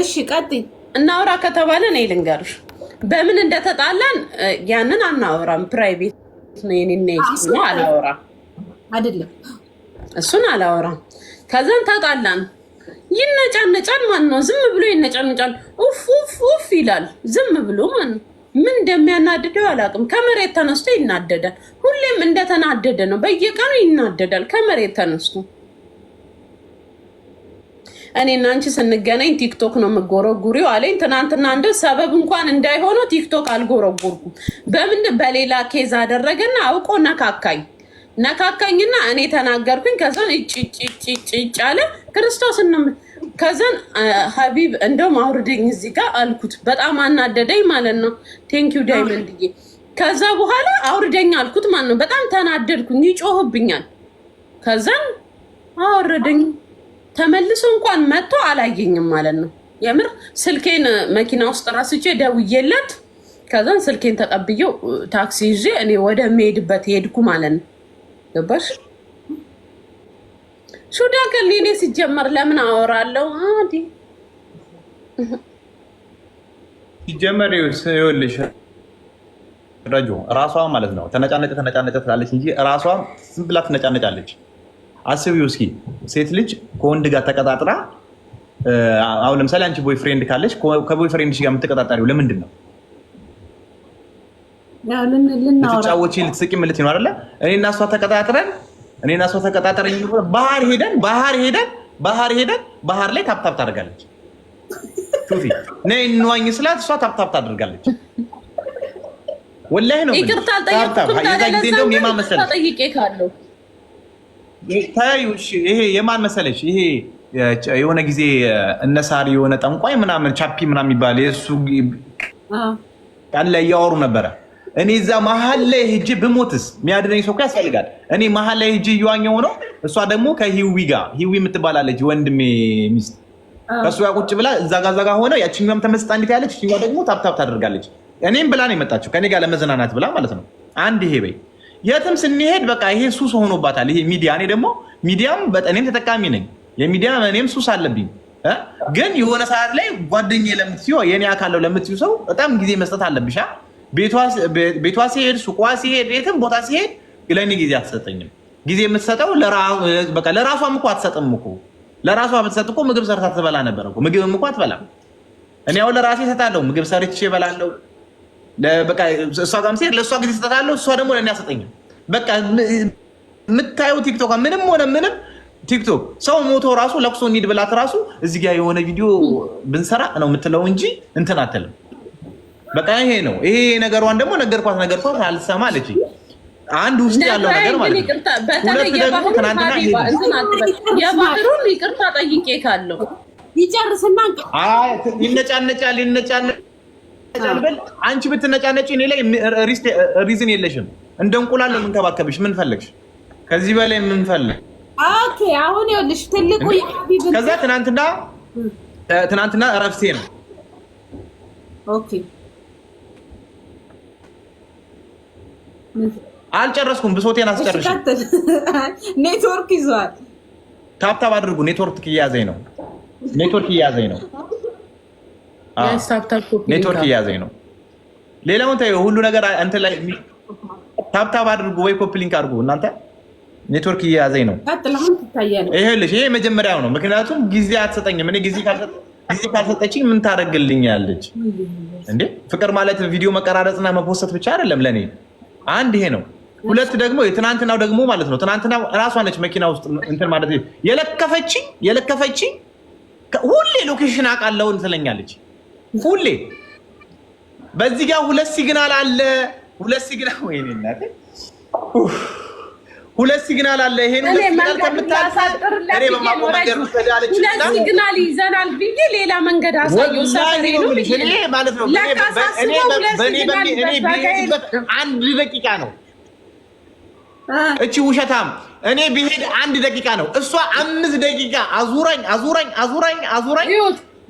እሺ ቀጥይ። እናውራ ከተባለ እኔ ልንገርሽ በምን እንደተጣላን ያንን አናወራም። ፕራይቬት ነው የኔና አይደለም እሱን አላወራም። ከዛን ተጣላን። ይነጫነጫል። ማን ነው ዝም ብሎ ይነጫነጫል? ኡፍ ኡፍ ኡፍ ይላል ዝም ብሎ ማን ምን እንደሚያናድደው አላውቅም። ከመሬት ተነስቶ ይናደዳል። ሁሌም እንደተናደደ ነው። በየቀኑ ይናደዳል ከመሬት ተነስቶ እኔ እና አንቺ ስንገናኝ ቲክቶክ ነው የምጎረጉሪው አለኝ። ትናንትና እንደ ሰበብ እንኳን እንዳይሆነው ቲክቶክ አልጎረጉርኩም። በምን በሌላ ኬዝ አደረገና አውቆ ነካካኝ ነካካኝና እኔ ተናገርኩኝ። ከዛን እጭጭጭጭጭ አለ ክርስቶስ ነው። ከዛን ሀቢብ እንደውም አውርደኝ እዚህ ጋር አልኩት። በጣም አናደደኝ ማለት ነው። ቴንኪው ዳይመንድዬ። ከዛ በኋላ አውርደኝ አልኩት ማለት ነው። በጣም ተናደድኩኝ። ይጮህብኛል። ከዛን አወረደኝ። ተመልሶ እንኳን መጥቶ አላየኝም ማለት ነው። የምር ስልኬን መኪና ውስጥ ራስቼ ደውዬለት ከዛን ስልኬን ተቀብዬው ታክሲ ይዤ እኔ ወደ ሚሄድበት ሄድኩ ማለት ነው። ገባሽ? ሹዳ ከሌኔ ሲጀመር ለምን አወራለሁ? አዲ ሲጀመር ይኸውልሽ ረጁ ራሷ ማለት ነው ተነጫነጨ ተነጫነጨ ትላለች እንጂ ራሷ ዝም ብላ ትነጫነጫለች። አስቢው እስኪ ሴት ልጅ ከወንድ ጋር ተቀጣጥራ አሁን ለምሳሌ አንቺ ቦይ ፍሬንድ ካለች ከቦይ ፍሬንድሽ ጋር የምትቀጣጣሪው ለምንድን ነው? ልትጫወቺ ልትስቂ ምልት ነው አለ። እኔና እሷ ተቀጣጥረን እኔና እሷ ተቀጣጥረን ባህር ሄደን ባህር ሄደን ባህር ሄደን ባህር ላይ ታፕታፕ ታደርጋለች። ሹፊ ነይ እንዋኝ ስላት እሷ ታፕታፕ ታደርጋለች። ወላሂ ነው ይቅርታ ጠይቅ ጊዜ እንደውም የማመሰል ተያዩ። ይሄ የማን መሰለች? ይሄ የሆነ ጊዜ እነሳሪ የሆነ ጠንቋይ ምናምን ቻፒ ምናምን የሚባል የእሱ ቀን ላይ እያወሩ ነበረ። እኔ እዛ መሀል ላይ ሂጅ ብሞትስ የሚያድነኝ ሰው ያስፈልጋል። እኔ መሀል ላይ ሂጅ እየዋኘው ነው። እሷ ደግሞ ከሂዊ ጋር ሂዊ የምትባላለች ወንድሜ ሚስት ከእሱ ጋር ቁጭ ብላ እዛ ጋር እዛ ጋር ሆነው ተመስጣ እንዴት ያለች እችኛዋ ደግሞ ታፕታፕ ታደርጋለች። እኔም ብላ ነው የመጣችው ከኔ ጋር ለመዘናናት ብላ ማለት ነው። አንድ ይሄ በይ የትም ስንሄድ በቃ ይሄ ሱስ ሆኖባታል። ይሄ ሚዲያ እኔ ደግሞ ሚዲያም በጠኔም ተጠቃሚ ነኝ። የሚዲያ እኔም ሱስ አለብኝ። ግን የሆነ ሰዓት ላይ ጓደኛዬ ለምትዩ የኔ አካለው ለምትዩ ሰው በጣም ጊዜ መስጠት አለብሻ። ቤቷ ሲሄድ፣ ሱቋ ሲሄድ፣ የትም ቦታ ሲሄድ ለእኔ ጊዜ አትሰጠኝም። ጊዜ የምትሰጠው ለራሷም እኮ አትሰጥም እኮ ለራሷ ብትሰጥ እኮ ምግብ ሰርታ ትበላ ነበር። ምግብም እኮ አትበላም። እኔ ያው ለራሴ እሰጣለሁ። ምግብ ሰርቼ እበላለሁ። በቃ እሷ ጋም ሲሄድ ለእሷ ጊዜ ስጠታለሁ፣ እሷ ደግሞ ለእኔ አሰጠኝም። በቃ የምታየው ቲክቶክ ምንም ሆነ ምንም ቲክቶክ ሰው ሞቶ ራሱ ለቅሶ እንሂድ ብላት ራሱ እዚህ ጋ የሆነ ቪዲዮ ብንሰራ ነው የምትለው እንጂ እንትን አትልም። በቃ ይሄ ነው። ይሄ ነገሯን ደግሞ ነገርኳት ነገርኳት አልሰማ አለች። አንድ ውስጥ ያለው ነገር ማለት ነው። ደግሞ ትናንትና የባህሩን ይቅርታ ጠይቄ ካለው ይጨርስና ይነጫነጫል ይነጫነጫል አንቺ ብትነጫነጭ እኔ ላይ ሪዝን የለሽም። እንደ እንቁላል ነው የምንከባከብሽ። ምን ፈለግሽ ከዚህ በላይ ምን ፈለግ? ኦኬ አሁን ይኸውልሽ ትልቁ ከዛ ትናንትና ትናንትና እረፍቴ ነው። ኦኬ አልጨረስኩም። ብሶቴን አስጨርሽ። ኔትወርክ ይዘዋል። ታብታብ አድርጉ። ኔትወርክ እያዘኝ ነው። ኔትወርክ እያዘኝ ነው። ኔትወርክ እያዘኝ ነው። ሌላውን ተይው፣ ሁሉ ነገር አንተ ላይ ታብታብ አድርጉ ወይ ኮፕሊንክ ሊንክ አድርጉ። እናንተ ኔትወርክ እያዘኝ ነው። ይኸውልሽ ይሄ መጀመሪያው ነው። ምክንያቱም ጊዜ አትሰጠኝም። እኔ ጊዜ ካልሰጠችኝ ምን ታደርግልኛለች እንዴ? ፍቅር ማለት ቪዲዮ መቀራረጽና መፖሰት ብቻ አይደለም ለእኔ። አንድ ይሄ ነው። ሁለት ደግሞ የትናንትናው ደግሞ ማለት ነው። ትናንትና እራሷ ነች መኪና ውስጥ እንትን ማለት የለከፈች የለከፈች ሁሌ ሎኬሽን አውቃለሁ ትለኛለች ሁሌ በዚህ ጋር ሁለት ሲግናል አለ። ሁለት ሲግናል ወይኔ እናቴ ሁለት ሲግናል አለ። ይሄን ሁለት ሲግናል ሲግናል ይዘናል ሌላ መንገድ አሳየው እኔ ማለት ነው። እኔ አንድ ደቂቃ ነው። እቺ ውሸታም እኔ ብሄድ አንድ ደቂቃ ነው። እሷ አምስት ደቂቃ አዙረኝ አዙረኝ አዙረኝ አዙረኝ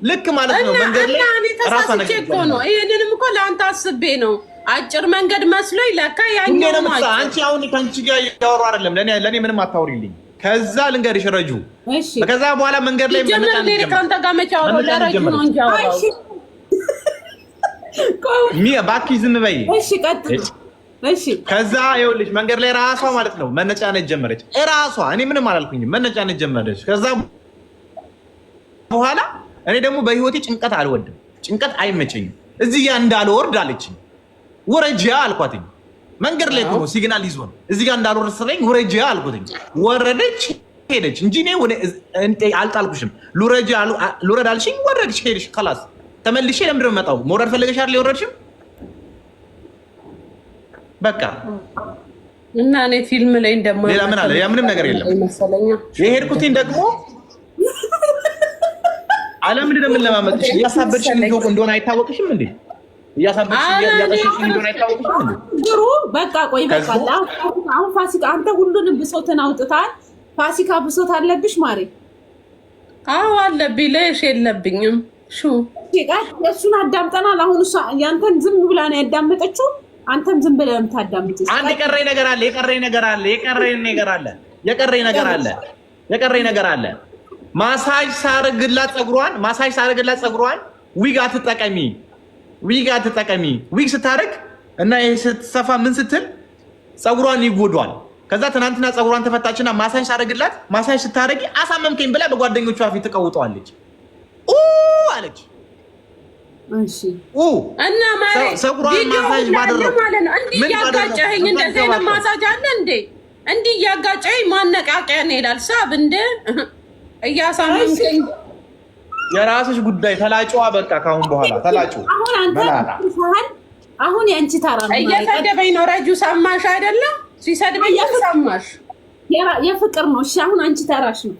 ልክ ማለት ነው። መንገድ ላይ ተሳስቼ እኮ ነው። ይሄንንም እኮ ለአንተ አስቤ ነው። አጭር መንገድ መስሎኝ ለካ ያኛው ነው። አንቺ አሁን ከአንቺ ጋር እያወሩ አይደለም። ለእኔ ለእኔ ምንም አታውሪልኝ። ከዛ ልንገርሽ ረጁ፣ ከዛ በኋላ መንገድ ላይ ከአንተ ጋር መቼ አወራሁ? ለረጁ ነው እንጂ እባክሽ ዝም በይ። ከዛ ይኸውልሽ መንገድ ላይ ራሷ ማለት ነው መነጫነጭ ጀመረች። ራሷ እኔ ምንም አላልኩኝም። መነጫነጭ ጀመረች። ከዛ በኋላ እኔ ደግሞ በህይወቴ ጭንቀት አልወድም፣ ጭንቀት አይመቸኝም። እዚህ ጋ እንዳልወርድ አለችኝ። ወረጃ አልኳትኝ። መንገድ ላይ ቆሞ ሲግናል ይዞ ነው እዚህ ጋ እንዳልወርድ ስለኝ ወረጃ አልኩትኝ። ወረደች ሄደች እንጂ እኔ አልጣልኩሽም። ልውረድ አልሽኝ፣ ወረድሽ ሄደሽ ከላስ ተመልሼ ለምድር መጣው የምመጣው? መውረድ ፈለገሽ አይደል የወረድሽም? በቃ እና እኔ ፊልም ላይ እንደማ ሌላ ምን አለ? ያ ምንም ነገር የለም። የሄድኩትኝ ደግሞ አለምን ለመለማመጥሽ እያሳበድሽን እንደሆነ አይታወቅሽም እንዴ? እያሳበድሽን በቃ ቆይ፣ በቃ አሁን ፋሲካ አንተ ሁሉንም ብሶትን አውጥታል። ፋሲካ ብሶት አለብሽ ማሬ? አዎ አለብኝ። ለሽ የለብኝም። ሹ እሱን አዳምጠናል። አሁን ያንተን ዝም ብላ ነው ያዳመጠችው። አንተም ዝም ብለህ የምታዳምጥ አንድ የቀረኝ ነገር አለ። የቀረኝ ነገር አለ። የቀረኝ ነገር አለ። የቀረኝ ነገር አለ። የቀረኝ ነገር አለ ማሳጅ ሳረግላ ፀጉሯን ማሳጅ ሳረግላ ፀጉሯን ዊግ አትጠቀሚ፣ ዊግ አትጠቀሚ። ዊግ ስታረግ እና ይሄ ስትሰፋ ምን ስትል ፀጉሯን ይጎዷል። ከዛ ትናንትና ፀጉሯን ተፈታችና ማሳጅ ሳረግላት ማሳጅ ስታረጊ አሳመምከኝ ብላ በጓደኞቿ ፊት ተቀውጠዋለች። ኡ አለች። እሺ ኡ እና ማለት ፀጉሯን ማሳጅ ባደረኩ ማለት ነው። እንዲህ ያጋጨኸኝ እንደዚህ ነው አለ እንዴ? እንዲህ ያጋጨኸኝ ማነቃቂያ ነው ይላል ሳብ እንደ እያሳመምከኝ የራስሽ ጉዳይ ተላጭዋ። በቃ ካሁን በኋላ ተላጩ። አሁን አንተ አሁን የአንቺ ታራ ነው። እየሰደበኝ ነው ረጁ። ሰማሽ አይደለም? ሲሰድበኝ ሰማሽ። የፍቅር ነው። እሺ አሁን አንቺ ታራሽ ነው።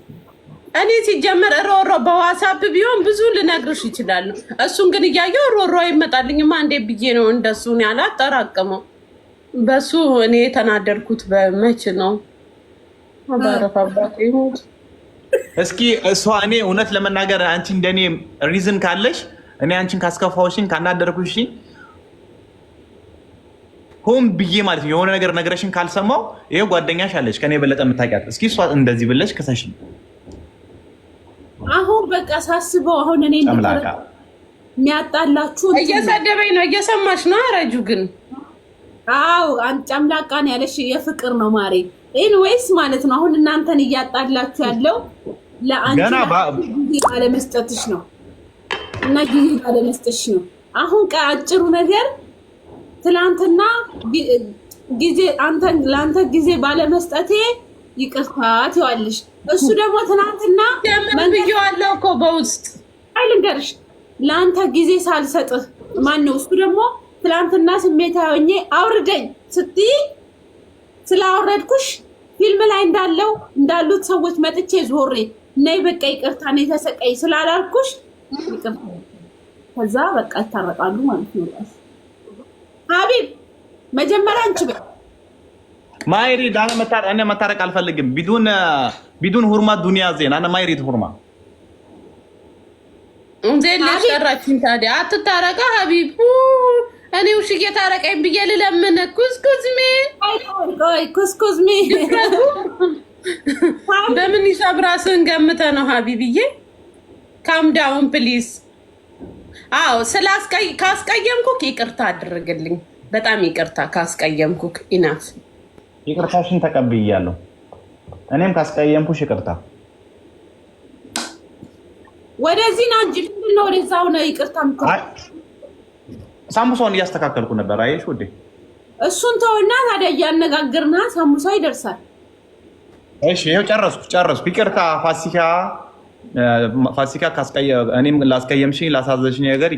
እኔ ሲጀመር ሮሮ በዋትሳፕ ቢሆን ብዙ ልነግርሽ ይችላሉ። እሱን ግን እያየው ሮሮ ይመጣልኝማ እንዴ ብዬ ነው እንደሱ ያላጠራቅመው። በሱ እኔ የተናደርኩት በመች ነው አባረፋባት ይሁት እስኪ እሷ እኔ እውነት ለመናገር አንቺ እንደኔ ሪዝን ካለሽ እኔ አንቺን ካስከፋውሽኝ ካናደርኩሽኝ ሆን ብዬ ማለት የሆነ ነገር ነገረሽን ካልሰማው ይሄ ጓደኛሽ አለች ከኔ የበለጠ የምታውቂያት እስኪ እሷ እንደዚህ ብለሽ ከሰሽ አሁን በቃ ሳስበው አሁን እኔ የሚያጣላችሁ እየሰደበኝ ነው እየሰማሽ ነው አረጁ ግን አው ጨምላቃን ያለሽ የፍቅር ነው ማሬ ኤንዌይስ ማለት ነው አሁን እናንተን እያጣላችሁ ያለው ለአንቺ ጊዜ ባለመስጠትሽ ነው እና ጊዜ ባለመስጠትሽ ነው። አሁን ከአጭሩ ነገር ትላንትና ጊዜ ለአንተ ጊዜ ባለመስጠቴ ይቅርታ ትዋለሽ። እሱ ደግሞ ትናንትና ብዬዋለሁ እኮ በውስጥ አይልንገርሽ ለአንተ ጊዜ ሳልሰጥህ ማን ነው? እሱ ደግሞ ትላንትና ስሜታዊ ሆኜ አውርደኝ ስትይ ስላወረድኩሽ ፊልም ላይ እንዳለው እንዳሉት ሰዎች መጥቼ ዞሬ ነይ በቃ ይቅርታ ነው የተሰቀይ ስላላልኩሽ ከዛ በቃ ይታረቃሉ ማለት ነው። ሀቢብ መጀመሪያ አንቺ በ ማይሪድ አነ መታረቅ አልፈልግም። ቢዱን ቢዱን ሁርማ ዱንያ ዜን አነ ማይሪድ ሁርማ እንዴት ለሰራችን ታዲያ አትታረቀ ሀቢብ እኔ ውሽ ታረቀኝ ብዬ ልለምነ ኩስኩዝሜ ኩስኩዝሜ በምን ሂሳብ ራስህን ገምተ ነው ሀቢብዬ? ካም ዳውን ፕሊዝ። አዎ ካስቀየምኩክ ይቅርታ አድርግልኝ። በጣም ይቅርታ ካስቀየምኩክ። ኢናፍ ይቅርታሽን ተቀብያለሁ። እኔም ካስቀየምኩሽ ይቅርታ። ወደዚህ ና እንጂ ምንድነው? ምንድን ነው ወደዛ ሆነ። ይቅርታ ሳምቡሳውን እያስተካከልኩ ነበር። አየሽ ውዴ፣ እሱን ተውና ታዲያ እያነጋግርና ሳምቡሳ ይደርሳል። እሺ ይኸው ጨረስኩ ጨረስኩ። ይቅርታ ፋሲካ ፋሲካ እኔም ላስቀየምሽኝ ላሳዘሽኝ ነገር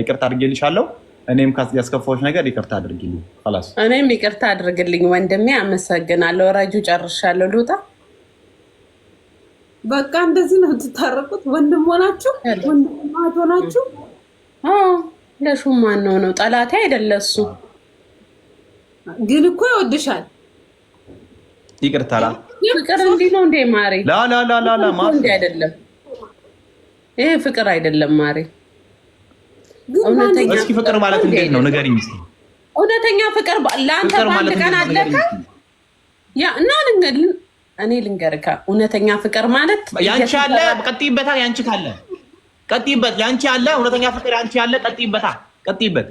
ይቅርታ አድርጌልሻለሁ። እኔም ያስከፋዎች ነገር ይቅርታ አድርግልኝ። ላስ እኔም ይቅርታ አድርግልኝ ወንድሜ። አመሰግናለሁ። ረጁ ጨርሻለሁ። ልውጣ በቃ። እንደዚህ ነው የምትታረቁት? ወንድም ሆናችሁ ወንድም ሆናችሁ ለሹም ማን ነው ጠላቴ አይደለ እሱ ግን እኮ ይወድሻል። ይቅርታላ ፍቅር እንዲህ ነው እንዴ ማሬ? አይደለም። ይሄ ፍቅር አይደለም ማሬ። እስኪ ፍቅር ማለት እንዴት ነው ንገሪኝ። እውነተኛ ፍቅር ለአንተ በአንድ ቀን ያ እና እኔ ልንገርካ፣ እውነተኛ ፍቅር ማለት ያንቺ አለ ያንቺ ካለ ቀጥይበት። ያንቺ አለ እውነተኛ ፍቅር ያንቺ አለ ቀጥይበታል። ቀጥይበት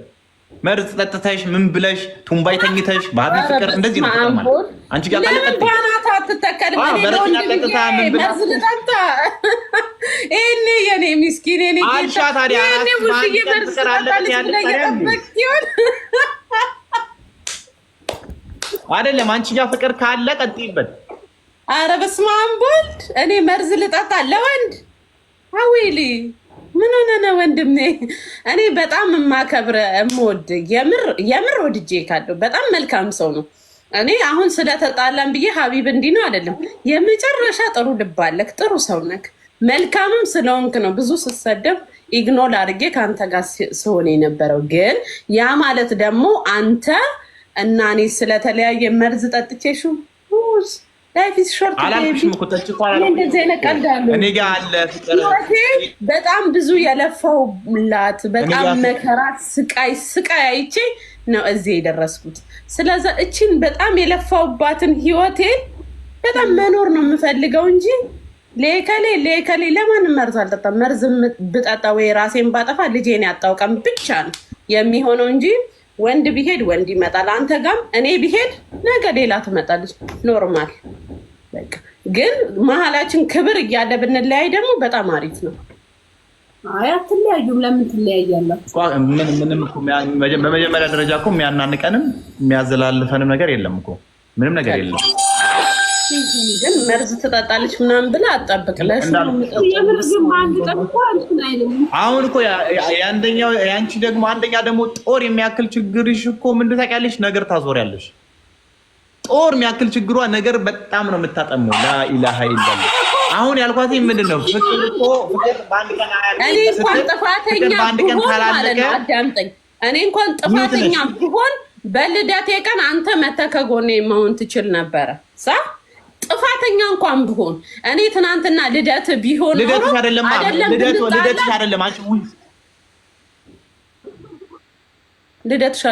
መርዝ ጠጥተሽ ምን ብለሽ ቱምባይ ተኝተሽ ባህል ፍቅር እንደዚህ ነው ማለት። አንቺ ጋር ለምን ባናታ አትተከልም? እኔ የኔ ምስኪን እኔ አልሻ ታዲያ አይደለም አንቺ ጋር ፍቅር ካለ ቀጥይበት። አረ በስመ አብ ወልድ እኔ መርዝ ልጠጣ ለወንድ አዊሊ ምን ሆነ ነው ወንድሜ? እኔ በጣም የማከብረ የምወድ የምር ወድጄ ካለው በጣም መልካም ሰው ነው። እኔ አሁን ስለተጣላን ብዬ ሀቢብ እንዲህ ነው አይደለም። የመጨረሻ ጥሩ ልብ አለክ፣ ጥሩ ሰው ነክ፣ መልካምም ስለሆንክ ነው ብዙ ስሰደብ ኢግኖል አድርጌ ከአንተ ጋር ስሆን የነበረው። ግን ያ ማለት ደግሞ አንተ እና እኔ ስለተለያየ መርዝ ጠጥቼሹ ላይፍ ኢዝ ሾርት በጣም ብዙ የለፋውላት በጣም መከራት ስቃይ ስቃይ አይቼ ነው እዚህ የደረስኩት። ስለዛ እችን በጣም የለፋውባትን ህይወቴን በጣም መኖር ነው የምፈልገው እንጂ ሌከሌ ሌከሌ ለማንም መርዝ አልጠጣም። መርዝ ብጠጣ ወይ ራሴን ባጠፋ ልጄን ያጣውቀም ብቻ ነው የሚሆነው እንጂ ወንድ ቢሄድ ወንድ ይመጣል። አንተ ጋም እኔ ቢሄድ ነገ ሌላ ትመጣለች። ኖርማል ግን መሀላችን ክብር እያለ ብንለያይ ደግሞ በጣም አሪፍ ነው። አይ አትለያዩም። ለምን ትለያያላችሁ? ምንም በመጀመሪያ ደረጃ እኮ የሚያናንቀንም የሚያዘላልፈንም ነገር የለም እኮ ምንም ነገር የለም። ግን መርዝ ትጠጣለች ምናምን ብላ አጠብቅ አሁን እኮ የአንደኛው የአንቺ ደግሞ አንደኛ ደግሞ ጦር የሚያክል ችግርሽ እኮ ምንድን ታውቂያለሽ ነገር ታዞሪያለሽ ጾር የሚያክል ችግሯ ነገር በጣም ነው የምታጠመው። ላኢላሃ ኢላላ አሁን ያልኳት ምንድን ነው ፍቅር እኮ ፍቅር በአንድ ቀን አያልቅም። እኔ እንኳን ጥፋተኛ ቢሆን በልደቴ ቀን አንተ መተህ ከጎኔ መሆን ትችል ነበረ ሳ ጥፋተኛ እንኳን ብሆን እኔ ትናንትና ልደት ቢሆን ልደትሽ አይደለም ልደትሽ አይደለም አንቺ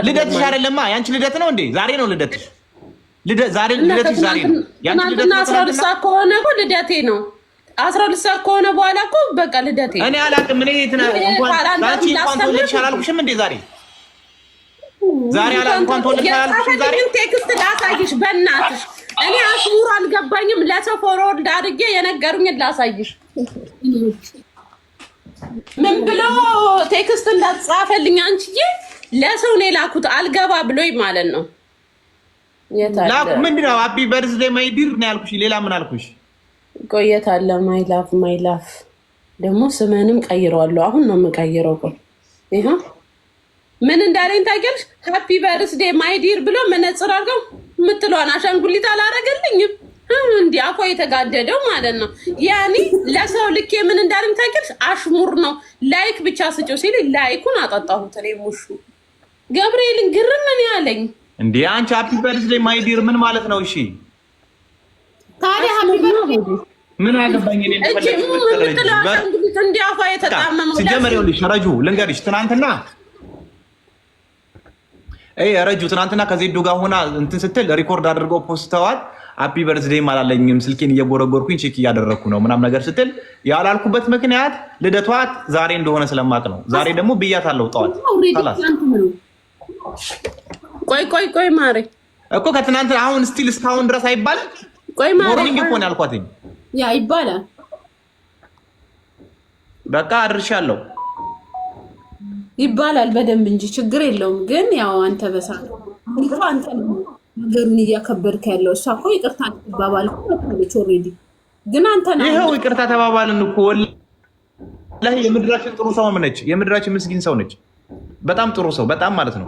ልደትሽ አይደለማ ያንቺ ልደት ነው እንዴ ዛሬ ነው ልደትሽ ዛሬ ልደት ዛሬ ነው። ትናንትና አስራ ሁለት ሰዓት ከሆነ እኮ ልደቴ ነው። አስራ ሁለት ሰዓት ከሆነ በኋላ እኮ በቃ ልደቴ እኔ አላውቅም። እኔ አላልኩሽም እንዴ ዛሬ ዛሬ እንኳን ተወለድሽ አላልኩሽም። ዛሬ ቴክስት ላሳይሽ በእናትሽ እኔ አልገባኝም። ለሰው ፎርወርድ አድርጌ የነገሩኝን ላሳይሽ። ምን ብሎ ቴክስት እንዳትጻፈልኝ አንቺዬ፣ ለሰው ነው የላኩት አልገባ ብሎኝ ማለት ነው። ምንድን ነው ሀፒ በርዝዴ ማይዲር ነው ያልኩሽ። ሌላ ምን አልኩሽ? ቆየት አለ ማይላፍ ማይላፍ ደግሞ ስመንም ቀይረዋለሁ። አሁን ነው የምቀይረው። ቆይ ይህ ምን እንዳለኝ ታውቂያለሽ? ሀፒ በርዝዴ ማይዲር ብሎ መነጽር አድርገው የምትለዋን አሻንጉሊት አላረገልኝም። እንዲህ አፏ የተጋደደው ማለት ነው። ያኔ ለሰው ልኬ ምን እንዳለኝ ታውቂያለሽ? አሽሙር ነው ላይክ ብቻ ስጭው ሲል ላይኩን አጠጣሁት። እኔ ሙሹ ገብርኤልን ግርምን ያለኝ እንዴ አንቺ ሃፒ በርዝዴ ማይ ዲር ምን ማለት ነው? እሺ ታዲያ ሃፒ በርዝዴ ምን አገባኝ እኔ እንዴ አፋ የተጣመመው ሲጀመር ይኸውልሽ ረጁ ልንገርሽ ትናንትና አይ ረጁ ትናንትና ከዜዱ ጋር ሆና እንትን ስትል ሪኮርድ አድርገው ፖስተዋል። ሃፒ በርዝዴ አላለኝም ስልኬን እየጎረጎርኩኝ ቼክ እያደረግኩ ነው ምናም ነገር ስትል ያላልኩበት ምክንያት ልደቷ ዛሬ እንደሆነ ስለማቅ ነው። ዛሬ ደግሞ ብያታለሁ ጠዋት ቆይ ቆይ ቆይ ማሬ እኮ ከትናንት አሁን ስቲል እስካሁን ድረስ አይባልም። ቆይ ማሬ ሞርኒንግ እኮ ነው ያልኳት። ያ ይባላል። በቃ አድርሻለሁ ይባላል በደንብ እንጂ ችግር የለውም። ግን ያው አንተ በሳ አንተ ነገሩን እያከበድክ ያለው እሷ እኮ ይቅርታ ተባባል ች ኦልሬዲ ግን አንተ ነው ይኸው ይቅርታ ተባባልን እኮ ወላሂ የምድራችን ጥሩ ሰው ነች። የምድራችን ምስጊን ሰው ነች። በጣም ጥሩ ሰው በጣም ማለት ነው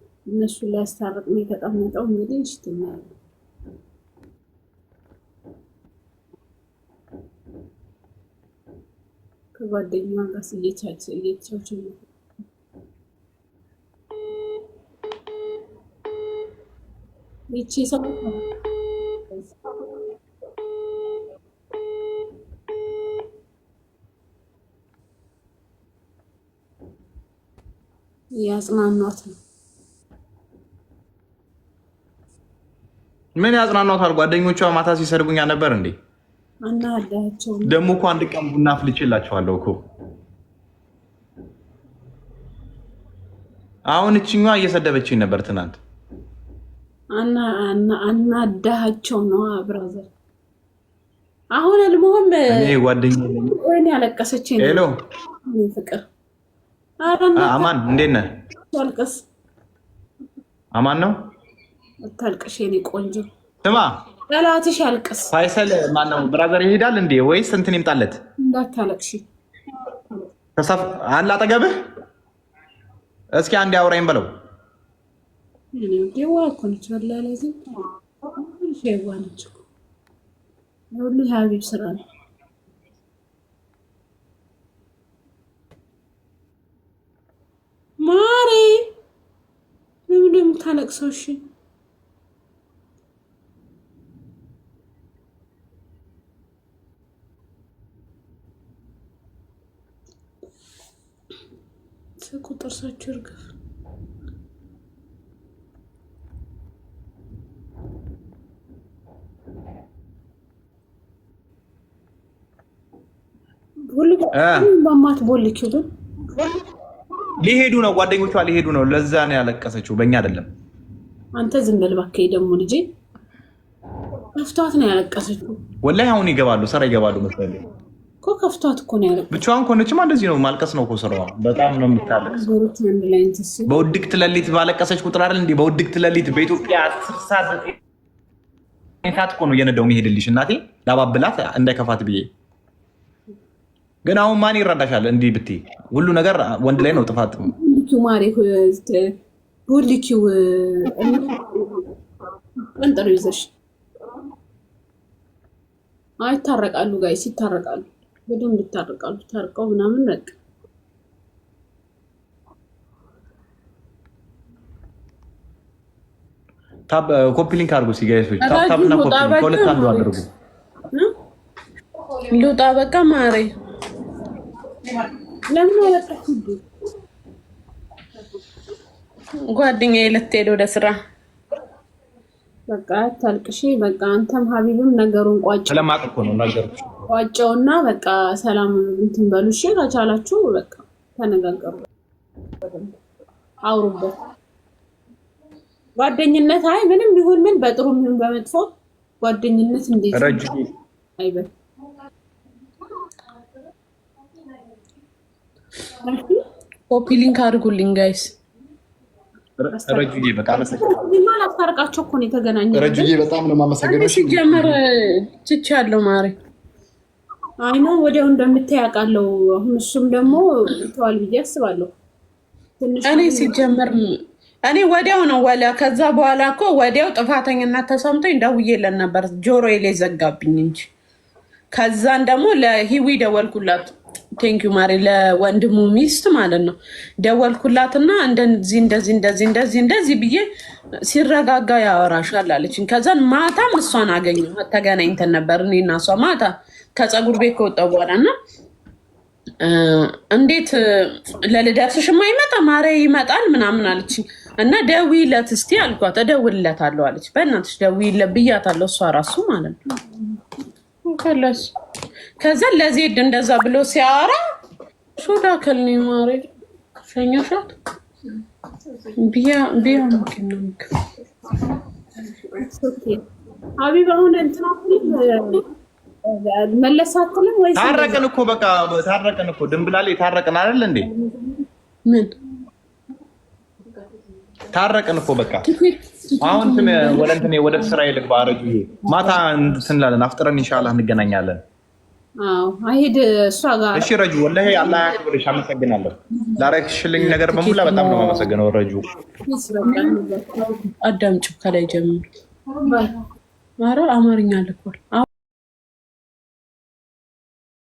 እነሱ ሊያስታርቅ ነው የተቀመጠው። እንግዲህ ይሽትናል ከጓደኛዋ ጋር እየቻቸው ይቺ ሰው ያጽናኗት ነው። ምን ያጽናኗታል? ጓደኞቿ ማታ ሲሰድቡኛ ነበር እንዴ? ደግሞ እኮ አንድ ቀን ቡና አፍልቼላቸዋለሁ እኮ። አሁን እችኛ እየሰደበችኝ ነበር ትናንት። አናዳሃቸው ነው ብራዘር። አሁን አልሞም ጓደኛ ያለቀሰች ሄሎ፣ ፍቅር አማን እንዴት ነህ? አማን ነው ታልቅሽ የኔ ቆንጆ ስማ፣ ጠላትሽ ያልቅስ። ፋይሰል ማነው ብራዘር ይሄዳል እንዴ ወይስ እንትን ይምጣለት? እንዳታለቅሽ አለ አጠገብህ። እስኪ አንድ አውራኝ በለው ሁሉ የሀቢብ ስራ ነው። ማሬ እሺ ያለች እርግፍ በማት ቦልክ ይሉን ሊሄዱ ነው ጓደኞቿ ሊሄዱ ነው። ለዛ ነው ያለቀሰችው፣ በእኛ አይደለም። አንተ ዝም በል እባክህ። ደግሞ ልጄ ከፍቷት ነው ያለቀሰችው። ወላሂ አሁን ይገባሉ፣ ስራ ይገባሉ መስላለኝ እኮ ከፍቷት እኮ ነው ያለ። ብቻዋን ከሆነችማ እንደዚህ ነው ማልቀስ ነው እኮ ስራዋ። በጣም ነው የምታለቅስ። በውድቅት ሌሊት ባለቀሰች ቁጥር አይደል እንደ በውድቅት ሌሊት በኢትዮጵያ አስር ሰዓት ዘጠኝ እኮ ነው እየነዳው መሄድልሽ እናቴ ላባብላት እንዳይከፋት ብዬ። ግን አሁን ማን ይረዳሻል? እንዲህ ብት ሁሉ ነገር ወንድ ላይ ነው ጥፋት ማሪ ይዘሽ አይታረቃሉ ጋይስ ይታረቃሉ። በደንብ ይታርቃሉ። ታርቀው ምናምን በቃ ታብ ኮፒ ሊንክ አድርጉ። ሲጋይሶች ታብ ታብ እና ኮፒ ሊንክ አንዱ አድርጉ። ልውጣ በቃ ማሬ ለምን አለቀኩ። ጓደኛዬ ልትሄድ ወደ ስራ በቃ ታልቅሺ። በቃ አንተም ሀቢብም ነገሩን ቋጭ። ስለማቅ እኮ ነው ነገሩ እና በቃ ሰላም እንትን በሉ። እሺ ከቻላችሁ በቃ ተነጋገሩ፣ አውሩበት። ጓደኝነት አይ ምንም ይሁን ምን በጥሩ ምን በመጥፎ ጓደኝነት እንዴት አይበል ኮፒ ሊንክ አድርጉልኝ ጋይስ። ረጁዬ በጣም አስታርቃቸው እኮ ነው የተገናኘ። ረጁዬ በጣም ነው የማመሰግነው። ሲጀመር ትቼ አለው ማሬ አይኖ ወዲያው እንደምታይ አሁን እሱም ደግሞ ተዋል ብዬ አስባለሁ። እኔ ሲጀመር እኔ ወዲያው ነው ወላ ከዛ በኋላ እኮ ወዲያው ጥፋተኝነት ተሰምቶኝ ደውዬለን ነበር ጆሮ ላይ ዘጋብኝ እንጂ ከዛን ደግሞ ለሂዊ ደወልኩላት። ቴንክ ዩ ማሪ ለወንድሙ ሚስት ማለት ነው ደወልኩላትና እንደዚህ እንደዚህ እንደዚህ እንደዚህ እንደዚህ ብዬ ሲረጋጋ ያወራሻል አለችኝ። ከዛን ማታም እሷን አገኘ ተገናኝተን ነበር እኔና እሷ ማታ ከፀጉር ቤት ከወጣ በኋላ እና እንዴት ለልደትሽማ ይመጣ ማረ ይመጣል ምናምን አለችኝ። እና ደውይለት እስቲ አልኳት። እደውልለታለሁ አለች። በእናትሽ ደውይለት ብያታለሁ። እሷ ራሱ ማለት ነው ከዛ ለዜድ እንደዛ ብሎ ሲያወራ ሾዳ ከልኒ ማሬ ሸኛሻት ቢያ ቢያ ሀቢብ አሁን እንትና መለስ አትልም ወይ? ታረቅን እኮ በቃ ታረቅን እኮ ድንብላሌ ታረቅን አይደል እንዴ? ምን ታረቅን እኮ በቃ አሁን ወደ እንትን ወደ ስራ ልግባ። አረጁ ማታ ስንላለን አፍጥረን ኢንሻላህ እንገናኛለን። አይሄድ እሷ ጋር እሺ። ረጁ ወላሂ አላህ ያክብርሽ፣ አመሰግናለሁ። ላረግሽልኝ ነገር በሙላ በጣም ነው የማመሰግነው። ረጁ አዳምጪው ከላይ ጀምሮ ኧረ አማርኛ ልኳል።